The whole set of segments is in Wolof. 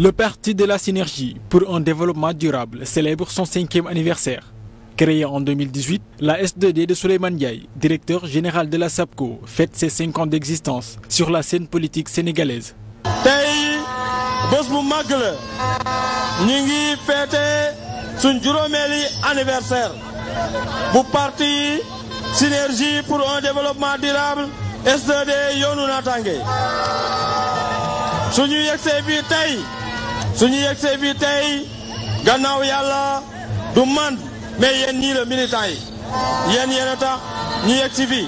Le Parti de la Synergie pour un développement durable célèbre son cinquième anniversaire. Créé en 2018, la S2D de Souleymane Ndiaye, directeur général de la SAPCO, fête ses cinq ans d'existence sur la scène politique sénégalaise. tey bés bu màgg la ñu ngi feete anniversaire bu parti Synergie pour un développement durable S2D yoonu naataange suñu suñu yegsee fii tey gannaaw yàlla du man mais yéen ñii la militant yi yéen yéen a tax ñu yegsi fii.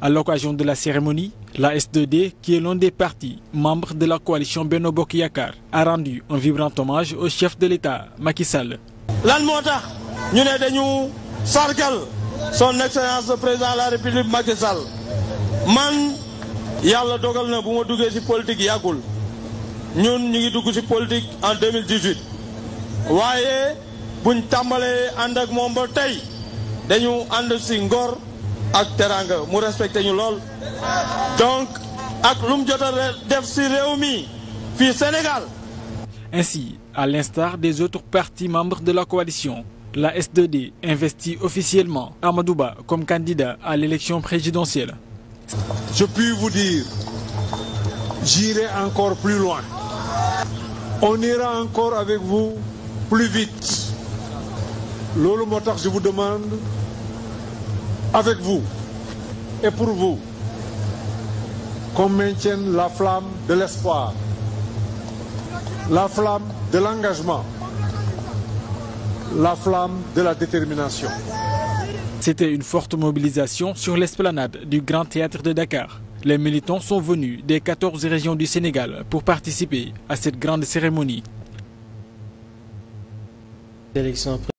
À l'occasion de la cérémonie, la S2D, qui est l'un des partis membres de la coalition Benno Bokk Yakaar, a rendu un vibrant hommage au chef de l'État, Macky Sall. lan moo tax ñu ne dañu sargal son excellence le président de la république Macky Sall man yàlla dogal na bu ma duggee ci politique yàggul. ñun ñu ngi dugg ci politique en 2018 waaye buñ tàmbalee ànd ak moom ba tey dañu ànd si ngor ak teraanga mu respecté ñu lool donc ak lu mu jot def si réew mi fii Sénégal. Ainsi, à l'instar des autres partis membres de la coalition, la S2D investit officiellement Amadouba comme candidat à l'élection présidentielle. Je puis vous dire, j'irai encore plus loin. on ira encore avec vous plus vite loolu moo tax je vous demande avec vous et pour vous qu'on maintienne la flamme de l'espoir la flamme de l'engagement la flamme de la détermination C'était une forte mobilisation sur l'esplanade du Grand Théâtre de Dakar Les militants sont venus des 14 régions du Sénégal pour participer à cette grande cérémonie.